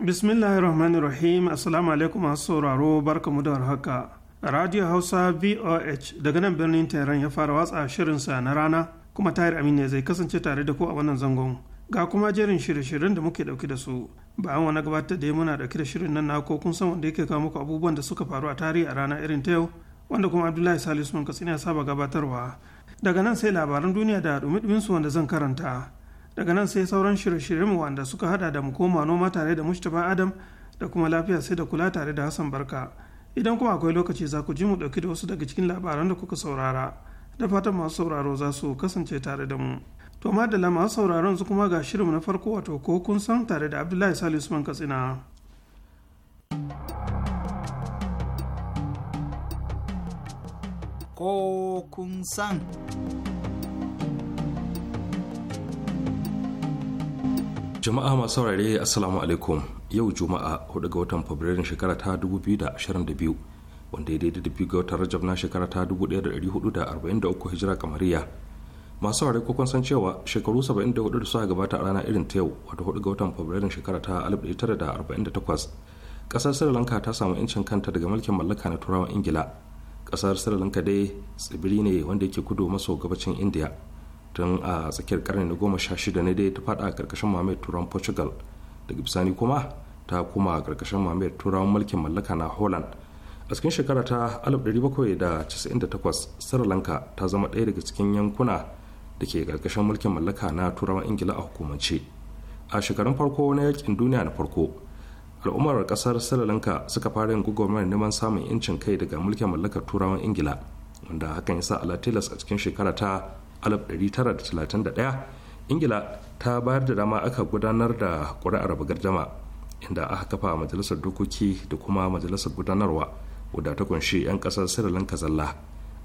bismillahirrahmanirrahim assalamu alaikum masu sauraro mu da warhaka radio hausa voh daga nan birnin tehran ya fara watsa shirinsa na rana kuma tahir amin ne zai kasance tare da ku a wannan zangon ga kuma jerin shirye-shiryen da muke dauki da su bayan wani gabatar da muna dauki da shirin nan na ko kun san wanda yake kawo muku abubuwan da suka faru a tarihi a rana irin ta yau wanda kuma abdullahi salisu mun katsina ya saba gabatarwa daga nan sai labaran duniya da dumi su wanda zan karanta daga nan sai sauran shirye-shiryen wanda suka hada da mu koma noma tare da mustapha adam da kuma lafiya sai da kula tare da hassan barka idan kuma akwai lokaci za ku ji mu dauki da wasu daga cikin labaran da kuka saurara da fatan masu sauraro za su kasance tare da mu to madalla masu sauraron su kuma ga shirinmu na farko wato ko kun san tare da abdullahi salisu usman katsina ko kun san jama'a masu saurare assalamu alaikum yau juma'a 4 ga watan fabrairun shekara ta 2022 wanda ya daidai da biyu ga watan rajab na shekara ta 1443 hijira kamariya masu saurare ko san cewa shekaru 74 da suka gabata a rana irin ta yau wata 4 ga watan fabrairun shekara ta 1948 kasar sri lanka ta samu 'yancin kanta daga mulkin mallaka na turawan ingila kasar sri lanka dai tsibiri ne wanda yake kudu maso gabacin indiya tun a tsakiyar karni na goma sha shida ne dai ta fada a karkashin mamayar turan portugal daga bisani kuma ta kuma a karkashin mamayar turawan mulkin mallaka na holland a cikin shekara ta 1798 sri lanka ta zama ɗaya daga cikin yankuna da ke karkashin mulkin mallaka na turawan ingila a hukumance a shekarun farko na yakin duniya na farko al'ummar kasar sri lanka suka fara yin gugumar neman samun yancin kai daga mulkin mallakar turawan ingila wanda hakan ya sa alatilas a cikin shekara ta 1931 ingila ta bayar da dama aka gudanar da ƙuri'ar jama inda aka kafa majalisar dokoki da kuma majalisar gudanarwa wadda ta kunshi 'yan ƙasar sirilan kazalla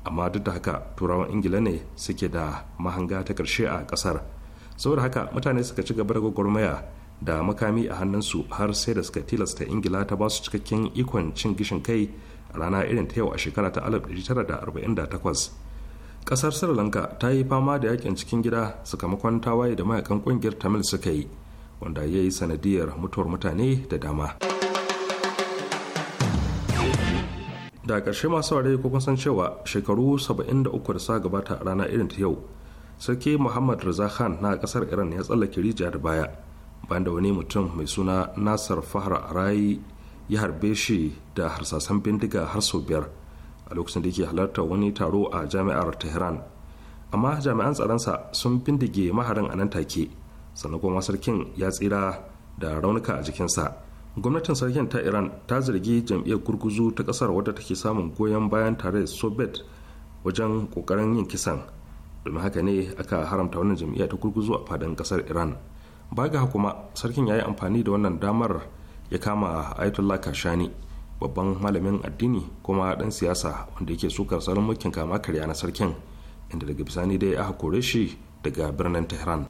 amma duk da haka turawan ingila ne suke da mahanga ta ƙarshe a ƙasar saboda haka mutane suka ci gaba da gwagwarmaya da makami a hannunsu har sai da suka tilasta ingila ta ba su cikakken ikon cin gishin kai a rana irin ta yau a shekara ta 1948 kasar sri lanka ta yi fama da yakin cikin gida sakamakon tawaye da mayakan kungiyar tamil suka yi wanda ya yi sanadiyar mutuwar mutane da dama da ƙarshe masu ware ko kun san cewa shekaru 73 da sa gabata a rana irin ta yau sarki muhammad Raza khan na kasar iran ya tsallake rijiya da baya bayan da wani mutum mai suna nasar fahra rai ya harbe shi da harsasan bindiga har sau biyar a lokacin da yake halartar wani taro a jami'ar tehran amma jami'an tsaronsa sun bindige maharin a nan take sannan kuma sarkin ya tsira da raunuka a jikinsa gwamnatin sarkin ta iran ta zargi jam'iyyar gurguzu ta kasar wadda take samun goyon bayan tare soviet wajen kokarin yin kisan domin haka ne aka haramta wannan jam'iyyar ta gurguzu a fadin kasar iran baga kuma sarkin ya yi amfani da wannan damar ya kama ayatollah kashani babban malamin addini kuma dan siyasa wanda yake sukar salon mulkin kama karya na sarkin inda daga bisani dai aka kore shi daga birnin tehran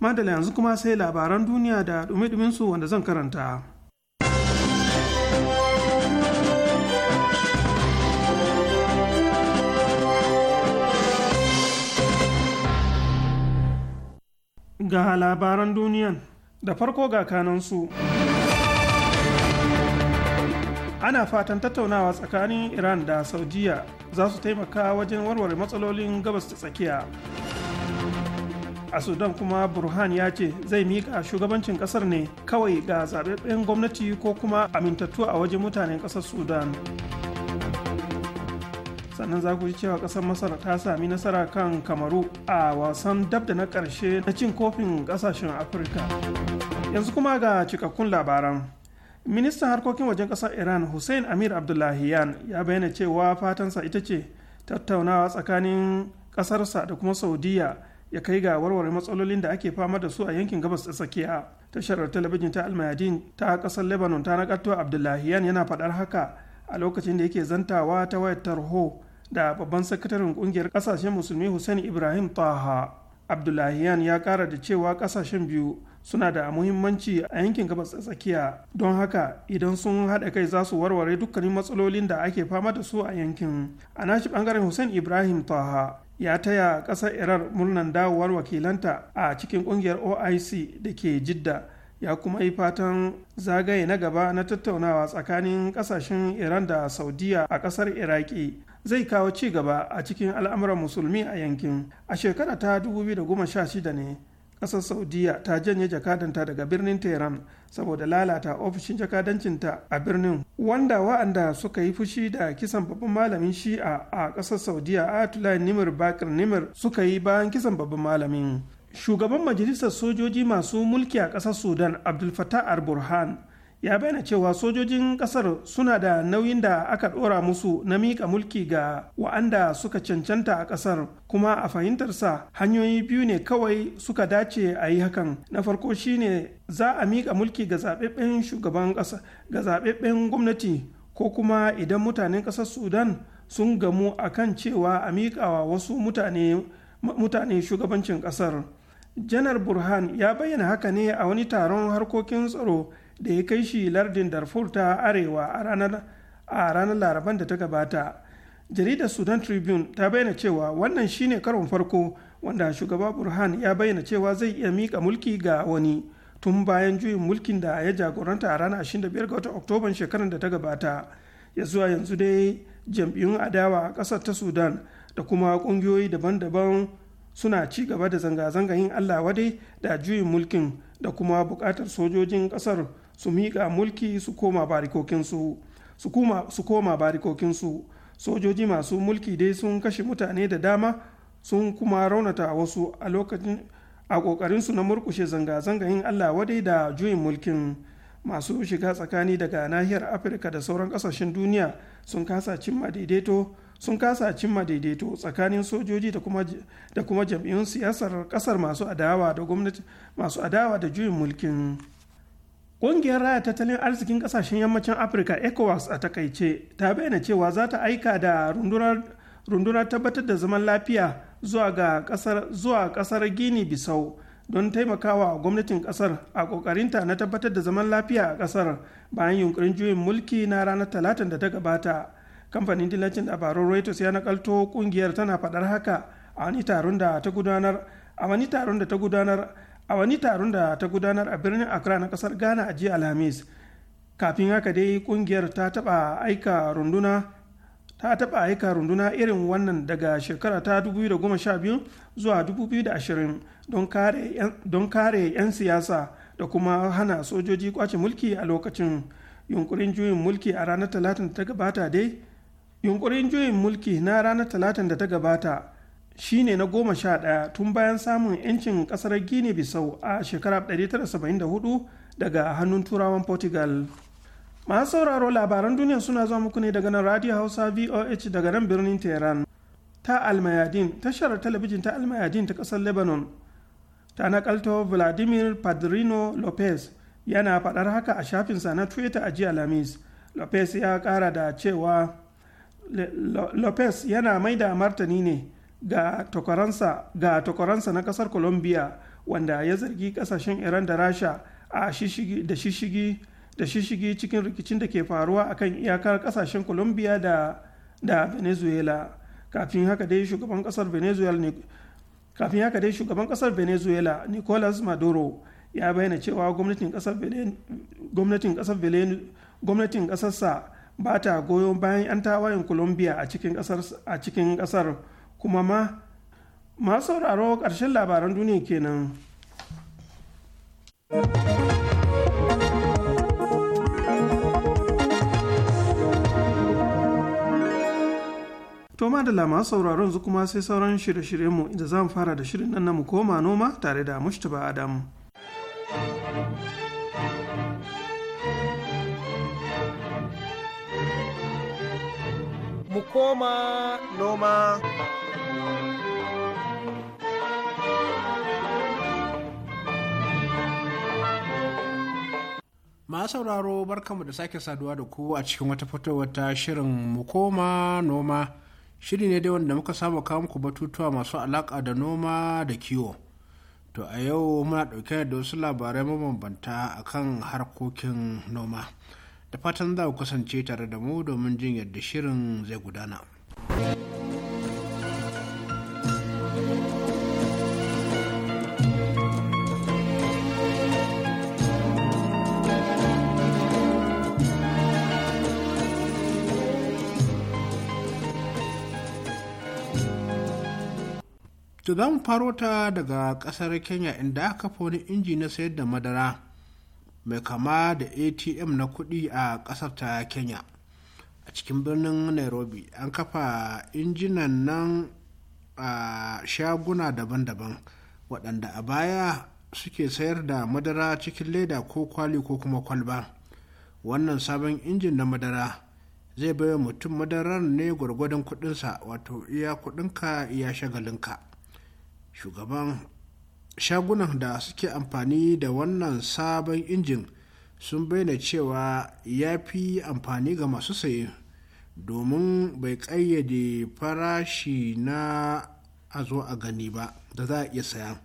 madala yanzu kuma sai labaran duniya da dumi su wanda zan karanta ga labaran duniyan da farko ga kanansu ana fatan tattaunawa tsakanin iran da saudiya za su taimaka wajen warware matsalolin gabas ta tsakiya a sudan kuma burhan ya ce zai mika shugabancin ƙasar ne kawai ga zaɓaɓɓen gwamnati ko kuma amintattu a wajen mutanen ƙasar sudan sannan za ku ji cewa ƙasar masar ta sami nasara kan kamaru a wasan dab da na ƙarshe na cin kofin ƙasashen afirka yanzu kuma ga cikakkun labaran ministan harkokin wajen ƙasar iran hussein amir abdullahiyan ya bayyana cewa fatansa ita ce tattaunawa tsakanin ƙasarsa da kuma saudiya ya kai ga warware matsalolin da ake fama da su a yankin gabas ta tsakiya tashar talabijin ta almayadin ta kasar lebanon ta nakalto abdullahiyan yana faɗar haka a lokacin da yake zantawa ta wayar tarho da babban sakataren kungiyar kasashen musulmi hussein ibrahim taha abdullahiyan ya kara da cewa kasashen biyu suna da muhimmanci a yankin gabas tsakiya don haka idan sun haɗa kai za su warware dukkanin matsalolin da ake fama da su a yankin a nashi ɓangaren hussein ibrahim taha ya taya ƙasar iran murnan dawowar wakilanta a cikin ƙungiyar oic da ke jidda ya kuma yi fatan zagaye na gaba na tattaunawa tsakanin ƙasashen iran da saudiya a ƙasar iraki zai kawo ci gaba a cikin al'amuran musulmi a yankin a shekara ta 2016 ne ƙasar saudiya ta janye jakadanta daga birnin tehran saboda lalata ofishin jakadancinta a birnin wanda wa'anda suka yi fushi da kisan babban malamin shi'a a ƙasar saudiya atulai nimir bakir nimir suka yi bayan kisan babban malamin shugaban majalisar sojoji masu mulki a ƙasar sudan abdul fattah al-burhan ya bayyana cewa sojojin kasar suna da nauyin da aka ɗora musu na miƙa mulki ga wa'anda suka cancanta a kasar kuma a fahimtarsa hanyoyi biyu ne kawai suka dace a yi hakan na farko shine za a miƙa mulki ga zaɓaɓɓen shugaban ƙasa ga zaɓaɓɓen gwamnati ko kuma idan mutanen ƙasar sudan sun gamu a kan cewa a miƙawa wasu mutane mutane shugabancin ƙasar janar burhan ya bayyana haka ne a wani taron harkokin tsaro da ya kai shi lardin darfur ta arewa a ranar a ranar laraban da ta gabata jaridar sudan tribune ta bayyana cewa wannan shine karon farko wanda shugaba burhan ya bayyana cewa zai iya mika mulki ga wani tun bayan juyin mulkin da ya jagoranta a ranar 25 ga watan oktoban shekarar da ta gabata ya zuwa yanzu dai jam'iyyun adawa a ƙasar ta sudan da kuma ƙungiyoyi daban-daban suna ci gaba da zanga-zanga yin allah wadai da juyin mulkin da kuma buƙatar sojojin ƙasar su miƙa mulki su koma barikokinsu su koma barikokinsu sojoji masu mulki dai sun kashe mutane da dama sun kuma raunata wasu a lokacin a ƙoƙarinsu na murkushe zanga zangayin allah wadai da juyin mulkin masu shiga tsakani daga nahiyar afirka da sauran ƙasashen duniya sun kasa cimma daidaito sun kasa cimma daidaito tsakanin sojoji da kuma jam'iyyun siyasar ƙasar masu da gwamnati masu adawa da juyin mulkin Ƙungiyar raya tattalin arzikin ƙasashen yammacin Afirka ECOWAS a takaice ta bayyana cewa za ta aika da rundunar tabbatar da zaman lafiya zuwa ga kasar zuwa kasar Gini Bisau don taimakawa gwamnatin ƙasar a ƙoƙarinta na tabbatar da zaman lafiya a ƙasar bayan yunkurin juyin mulki na ranar talatin da ta gabata. Kamfanin dillacin dabarun Reuters ya nakalto ƙungiyar tana faɗar haka a wani taron da ta gudanar a wani taron da ta gudanar a birnin accra na kasar ghana a jiya alhamis kafin haka dai kungiyar ta taba aika runduna irin wannan daga shekara ta 2012 zuwa 2020 don kare 'yan siyasa da kuma hana sojoji kwace mulki a lokacin yunkurin juyin mulki a ranar talatin da ta gabata dai yunkurin juyin mulki na ranar talatin da ta gabata Shi ne na goma sha ɗaya tun bayan samun 'yancin ƙasar gini bisau a shekara 1974 daga hannun turawan portugal masu sauraro labaran duniya suna zuwa muku ne daga nan radio hausa voh daga nan birnin tehran ta almayadin tashar talabijin ta almayadin ta ƙasar lebanon ta nakalto vladimir padrino lopez yana faɗar haka a shafinsa na twitter a jiya lamis lopez ya kara da cewa lopez yana mai da martani ne ga takwaransa na kasar colombia wanda ya zargi kasashen iran da rasha a shishigi da shishigi cikin rikicin da ke faruwa akan iyakar kasashen colombia da, da venezuela kafin haka dai shugaban kasar venezuela kafin nicolas maduro ya bayyana cewa gwamnatin kasar gwamnatin kasar sa ba ta goyon bayan 'yan tawayen colombia a cikin kasar kuma ma masu sauraro ƙarshen labaran duniya kenan. To da masu sauraron zu kuma sai sauran shirye-shiryenmu inda za mu fara da shirin nan mu koma noma tare da Mustapha Adam. Mu koma noma. Ma sauraro barkamu da sake saduwa da ku a cikin wata fitowar ta shirin mu koma noma. Shiri ne dai wanda muka samu kawo muku batutuwa masu alaƙa da noma da kiwo. To a yau muna ɗauke da wasu labarai mabambanta a kan harkokin noma. Da fatan za ku kasance tare da mu domin jin yadda shirin zai gudana. To za mu faro ta daga ƙasar Kenya inda aka fi wani inji na sayar da madara mai kama da ATM na kuɗi a ƙasar ta Kenya. A cikin birnin Nairobi an kafa injinan nan a shaguna daban-daban waɗanda a baya suke sayar da madara cikin leda ko kwali ko kuma kwalba. Wannan sabon injin na madara. zai baiwa mutum madarar ne gwargwadon kudinsa wato iya kudinka iya shagalinka shugaban shagunan da suke amfani da wannan sabon injin sun bayyana cewa ya fi amfani ga masu saye domin bai ƙayyade farashi na a zo a gani ba da za a iya saya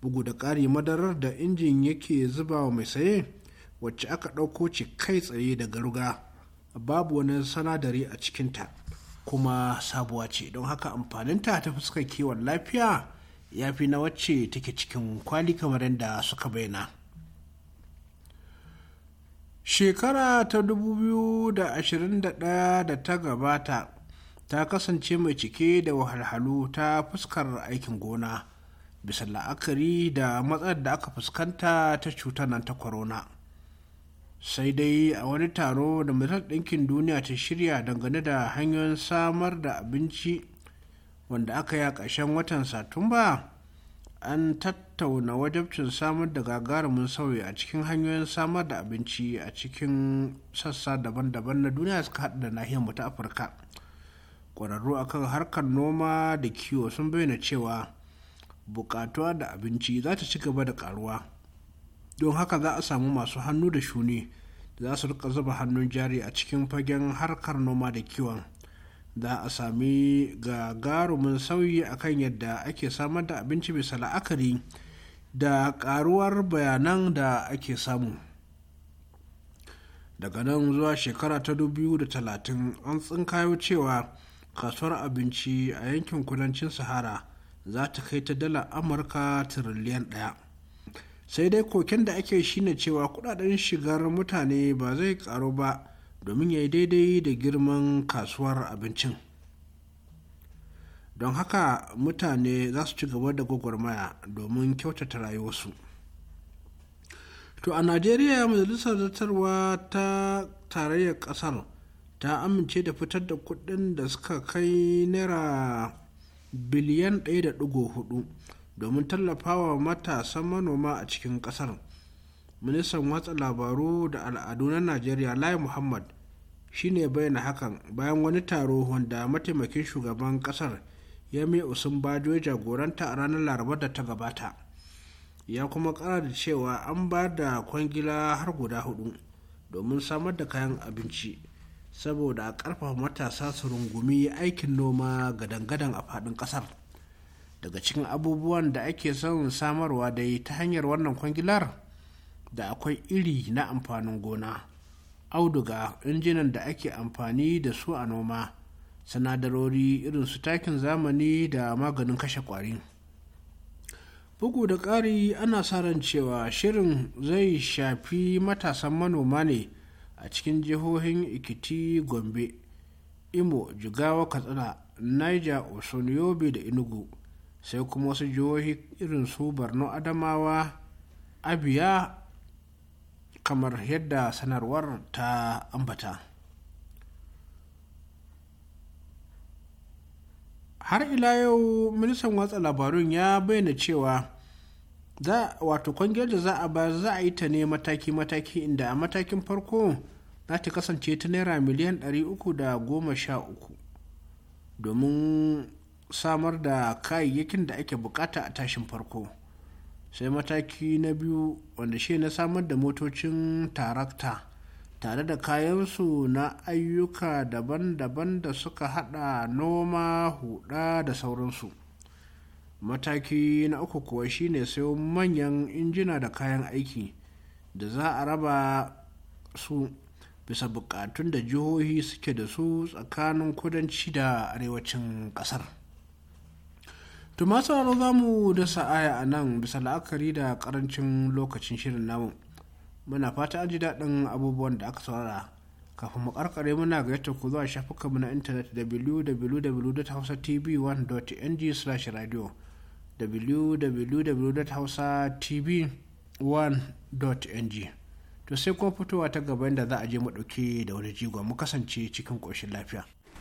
bugu da ƙari madarar da injin yake zuba wa mai saye wacce aka ɗauko ce kai tsaye daga ruga babu wani sanadari a cikinta kuma sabuwa ce don haka amfaninta ta fuskar kiwon lafiya ya fi na wacce take cikin kwali kamar yadda suka bayyana. Shekara ta 2021 da ta gabata ta kasance mai cike da wahalhalu ta fuskar aikin gona bisa la'akari da matsalar da aka fuskanta ta cuta nan ta corona. sai dai a wani taro da majalisar ɗinkin duniya ta shirya dangane da hanyoyin samar da abinci wanda aka yi a ƙarshen watan satumba an tattauna wajabcin samar da gagarumin sauyi a cikin hanyoyin samar da abinci a cikin sassa daban-daban na duniya suka haɗu da nahiyar mu ta afirka ƙwararru akan harkar noma da kiwo sun bayyana cewa buƙatuwa da abinci za ta ci gaba da ƙaruwa don haka za a samu masu hannu da shuni da za su rika zuba hannun jari a cikin fagen harkar noma da kiwon da a sami gagarumin sauyi akan yadda ake samar da abinci bisa la'akari da karuwar bayanan da ake samu daga nan zuwa shekara ta 2030 an tsinkayo cewa kasuwar abinci a yankin kudancin sahara za ta kai ta dala amurka tiriliyan daya sai dai koken da ake shine cewa kudaden shigar mutane ba zai karu ba domin ya yi daidai da girman kasuwar abincin don haka mutane za su ci gaba da gwagwarmaya domin kyautata rayuwarsu to a najeriya majalisar zartarwa ta tarayyar kasar ta amince da fitar da kudin da suka kai naira biliyan 1.4 domin tallafawa matasan manoma a cikin kasar ministan watsa labaru da al'adu na najeriya lai muhammad shine bayyana hakan bayan wani taro wanda mataimakin shugaban kasar ya usun bajo jagoranta a ranar Laraba da ta gabata ya kuma kara da cewa an ba da kwangila har guda hudu domin samar da kayan abinci saboda a karfafa matasa su rungumi aikin noma gadan-gadan a faɗin ƙasar daga cikin abubuwan da ake son samarwa dai ta hanyar wannan kwangilar da akwai iri na amfanin gona auduga injinan da ake amfani da su a noma sinadarori irin su takin zamani da maganin kashe kwari. bugu da ƙari ana sa ran cewa shirin zai shafi matasan manoma ne a cikin jihohin ikiti gombe imo jigawa katsina niger osun yobe da inugu sai kuma wasu jihohi irin su borno adamawa abia kamar yadda sanarwar ta ambata har ila yau ministan watsa labarun ya bayyana cewa za wato kwangiyar da za a ba za a yi ta ne mataki-mataki inda a matakin farko za ta kasance ta naira miliyan 313 domin samar da kayayyakin da ake bukata a tashin farko sai mataki na biyu wanda shi na samar da motocin tarakta tare da kayansu na ayyuka daban-daban da suka hada noma huda da sauransu mataki na uku kuwa shine sayo manyan injina da kayan aiki da za a raba su bisa bukatun da jihohi suke da su tsakanin kudanci da arewacin kasar to aro za mu da sa'aya a nan bisa la'akari da karancin lokacin shirin namu muna fata an ji daɗin abubuwan da aka saurara kafin mu karkare muna gayyata ku zuwa mu na intanet www.hausatv1.ng/radio www.hausatv1.ng to sai kuma fitowa ta gaban da za a je mu ɗauke da wani jigo mu kasance cikin ƙoshin lafiya.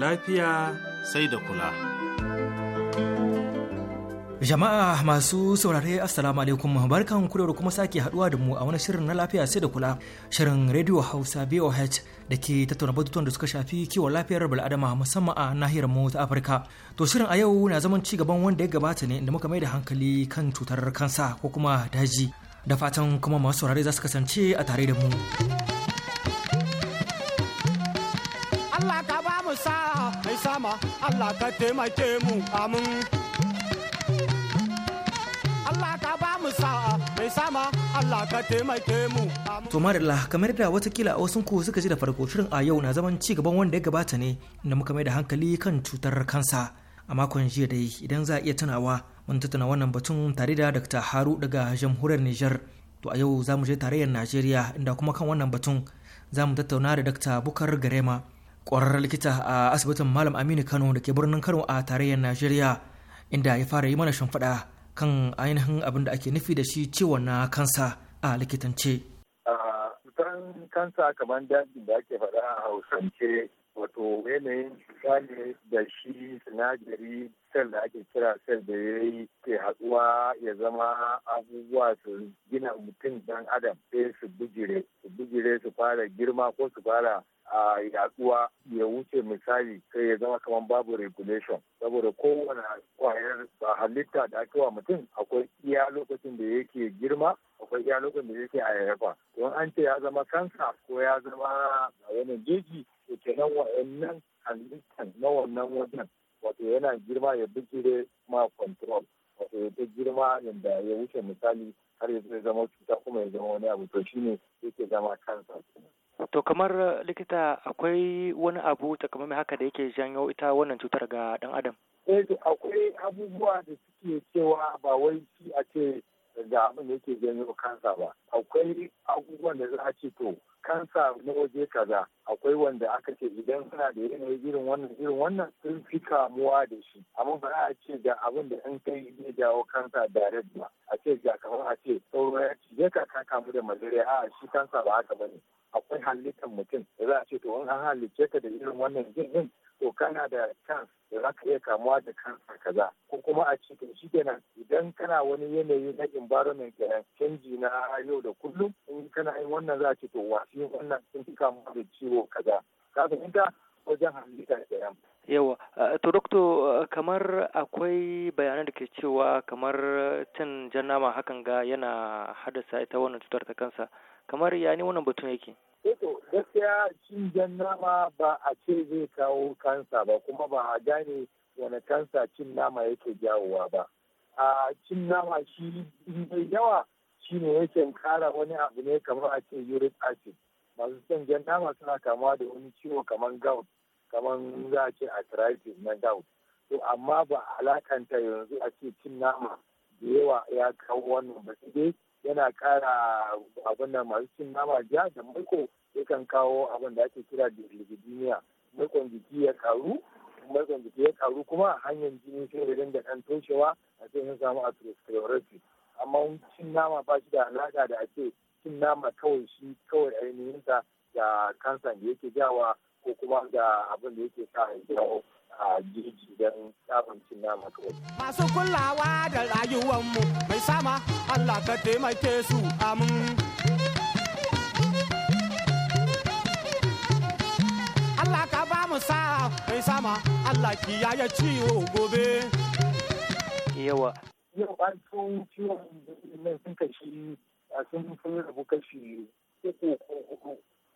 lafiya sai da kula. Jama'a masu saurare Assalamu alaikum barkan ku da kuma sake haduwa da mu a wani shirin na lafiya sai da kula shirin Radio Hausa BOH da ke tattauna batutuwan da suka shafi kiwon lafiyar bil'adama musamman a nahiyar mu ta Afirka. To shirin a yau na zaman ci gaban wanda ya gabata ne da muka mai da hankali kan cutar kansa ko kuma daji. Da fatan kuma masu saurare za su kasance a tare da mu. sa mai sama Allah ka taimake mu amin Allah ka ba mu sa'a mai sama Allah ka taimake mu to marilla kamar da watakila a wasu ku suka ji da farko shirin a yau na zaman ci gaban wanda ya gabata ne inda muka mai da hankali kan cutar kansa a makon jiya dai idan za a iya tunawa mun tattauna wannan batun tare da Dr. Haru daga jamhuriyar niger to a yau za mu je tarayyar Najeriya inda kuma kan wannan batun za mu tattauna da Dr. Bukar Garema ƙwararren likita a asibitin malam aminu kano da ke birnin kano a tarayyar najeriya inda ya fara yi mana shimfiɗa kan ainihin abin da ake nufi da shi ciwon na kansa a likitance. Kusan kansa kamar dajin da ake faɗa a hausance wato yanayin cuta da shi sinadari sel da ake kira sel da ya yi ke haɗuwa ya zama abubuwa su gina mutum dan adam sai su bijire su bijire su fara girma ko su fara a yaduwa ya wuce misali sai ya zama kamar babu regulation saboda kowane kwayar halitta da ake wa mutum akwai iya lokacin da yake girma akwai iya lokacin da yake hayayyafa don an ce ya zama kansa ko ya zama wani jeji to kenan wa'annan halittan na wannan wajen wato yana girma ya bijire ma control wato ya girma yadda ya wuce misali har ya zama cuta kuma ya zama wani abu to shine yake zama kansa To kamar eh, likita akwai wani abu takamaimai haka da yake janyo ita wannan cutar ga ɗan adam? Eh akwai abubuwa da suke cewa ba wai shi a ce ga abin da yake janyo kansa ba. Akwai abubuwan da za a ce to kansa na waje kaza akwai wanda aka ce idan suna da yanayi irin wannan irin wannan sun fi kamuwa da shi amma ba a ce ga abin da in kai zai jawo kansa da ba a ce ga kamar a ce sauro ya ce ka kamu da malaria a shi kansa ba haka ba ne." akwai halittar mutum da za a ce to an halicce ka da irin wannan jin to kana da chance da za ka iya kamuwa da kansa kaza ko kuma a ce shi kenan idan kana wani yanayi na environment kenan canji na yau da kullum in kana yin wannan za a ce to wasu wannan sun fi kamuwa da ciwo kaza ka fahimta wajen halitta kenan yawa Uh, to doctor uh, kamar akwai bayanan da ke cewa kamar cin jan nama hakan ga yana haddasa ita wannan cutar ta kansa kamar ya ni wannan batun yake eh to gaskiya cin jan nama ba a ce zai kawo kansa ba kuma ba a gane wani kansa cin nama yake jawowa ba a cin nama shi mai yawa shi ne yake kara wani abu ne kamar a ce uric acid masu cin jan nama suna kamuwa da wani ciwo kamar gout kamar za a ce arthritis na gout to amma ba alakanta yanzu a ce cin nama da yawa ya kawo wannan ba dai yana kara abin da masu cin nama ja da maiko yakan kawo abin da ake kira da lipidemia maikon jiki ya karu maikon jiki ya karu kuma hanyar jini sai da dinga dan toshewa a ce sun samu atherosclerosis amma cin nama ba shi da alaka da ake cin nama kawai shi kawai ainihinsa da kansa da yake jawa ko kuma ga abin da yake sa a jirgin don samun cin nama kawai. Masu kulawa da rayuwanmu mai sama Allah ka taimake su amin. Allah ka ba mu sa mai sama Allah yaya ciwo gobe. Yawa. Yau an tun ciwon mai sun kashi sun sun rabu kashi uku ko hudu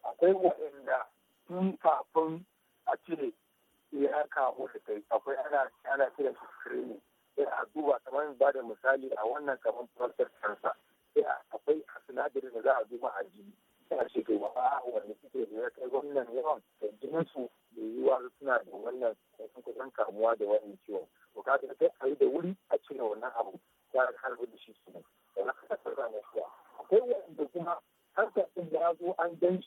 akwai waɗanda tun kafin a ce ya kamu da kai akwai ana ana kira shi screening sai a duba kamar ba da misali a wannan kamar prostate cancer sai akwai sinadarin da za a duba a jini sai a ce to ba wani suke da ya kai wannan yawan da jinin su da yiwuwa suna da wannan sun kusan kamuwa da wannan ciwon to ka ga sai a da wuri a cire wannan abu ya harbi da shi ne da na kasa akwai wanda kuma harkar ɗin ya zo an gan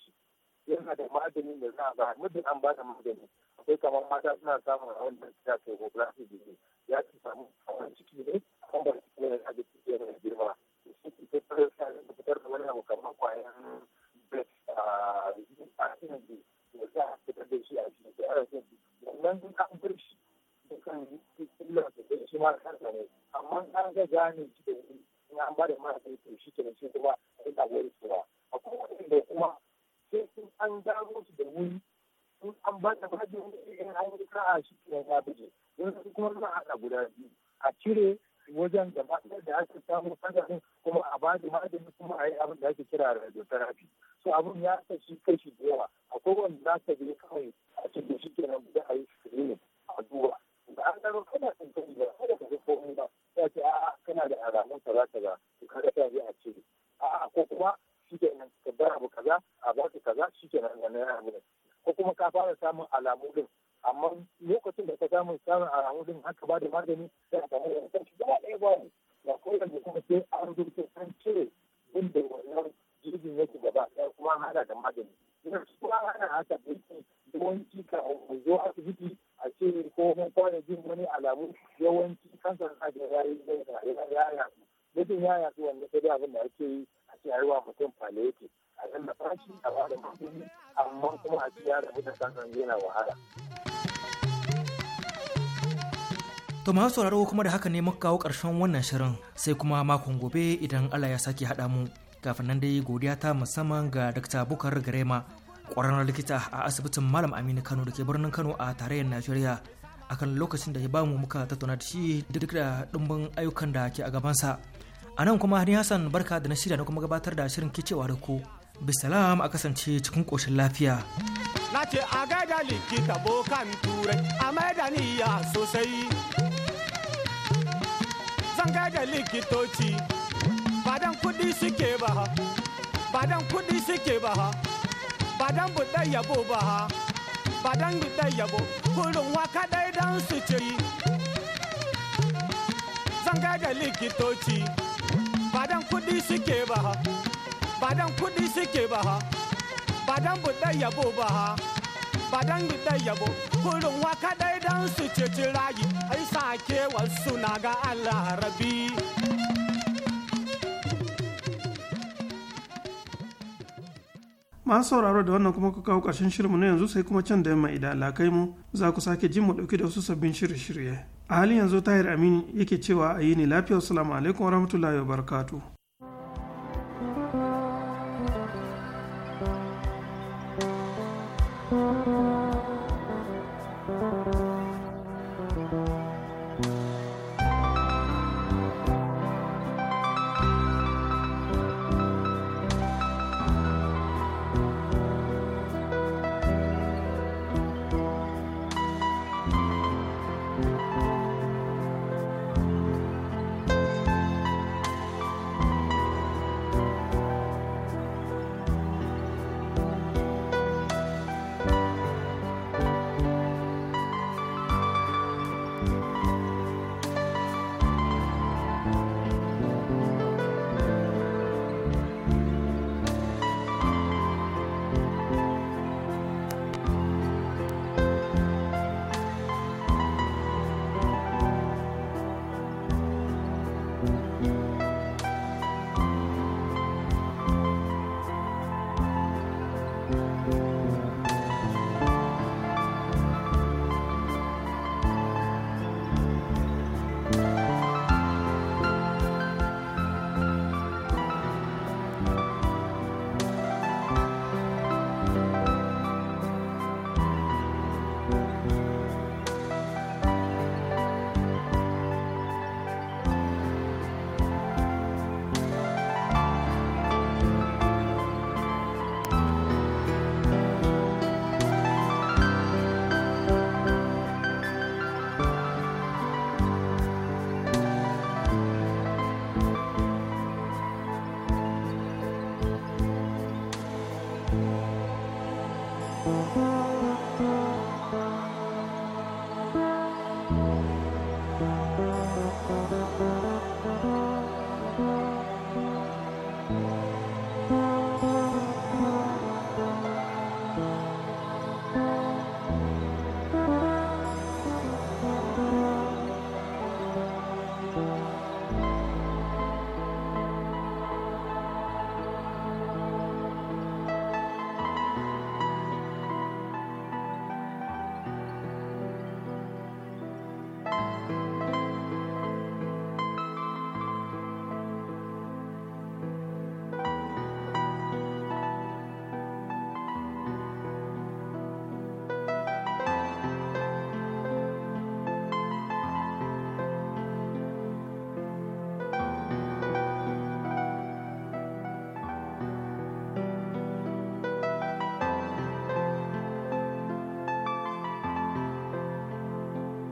yana da maganin da za a ba muddin an ba da magani akwai kamar mata suna samun rawan da ta ce ko plastic ne ya ci samu a wani ciki ne kan ba su ne a jiki ne mai girma su ke fitar da fitar da wani abu kamar kwayan bet a ah, cikin da za a fitar da shi a cikin da ya sa wannan duk an bar shi da kan dukkan killar da shi ma kansa ne amma an ga gane shi da wuri an ba da mara to shi ke da shi kuma a yi abuwa da kuma akwai wani da kuma sai sun an gano su da wuri sun an ba da baji wani irin hanyar ka'a shi kenan ya buje don su kuma za a haɗa guda biyu a cire wajen gaba da ake samu sanadin kuma a ba da magani kuma a yi abin da ake kira radiotherapy so abin ya kashi kashi da yawa akwai wanda za ka je kawai a cikin shi kenan guda a yi screening a duba da an gano kana son kai da kada ka ga komai ba ya ce a'a kana da alamun kaza kaza to kada ka je a cire a'a ko kuma shi nan ka bar abu kaza a ba ka kaza shi ke nan ganin abu ko kuma ka fara samun alamu din amma lokacin da ka samu samun alamu din haka ba da magani sai ka samu da shi gaba ɗaya ba ne ko da kuma sai an zo san cire din da wannan jirgin yake gaba ɗaya kuma hada da magani. Ina kuma hana haka din To masu sauraro kuma da haka ne muka kawo ƙarshen wannan shirin sai kuma makon gobe idan Allah ya sake haɗa mu. Kafin nan dai godiya ta musamman ga Dr. Bukar Garema, ƙwararren likita a asibitin Malam Aminu Kano da ke birnin Kano a tarayyar Najeriya. Akan lokacin da ya ba mu muka tattauna da shi duk da ɗumbin ayyukan da ke a gabansa. A nan kuma ni Hassan barka da na shirya na kuma gabatar da shirin kicewa da ku. Bisalam a kasance cikin ƙoshin lafiya. Na ce a gaida likita bokan turai a da niyya sosai. ganga da likitoci dan kudi suke ba ha dan kudi suke ba ha dan buɗe yabo ba ha dan buɗe yabo kurin waka dai dan su ciri zanga da likitoci dan kudi suke ba ha dan kudi suke ba ha dan buɗe yabo ba ha dan buɗe yabo kurin waka don su ceci rayu ai sake wasu na ga Allah rabi. masu sauraro da wannan kuma ku kawo ƙarshen shirinmu na yanzu sai kuma can da yamma idan alakai mu za ku sake jin mu ɗauki da wasu sabbin shirye-shirye a halin yanzu tahir amin yake cewa a yi ne lafiya salamu alaikum warahmatullahi wabarakatuh thank you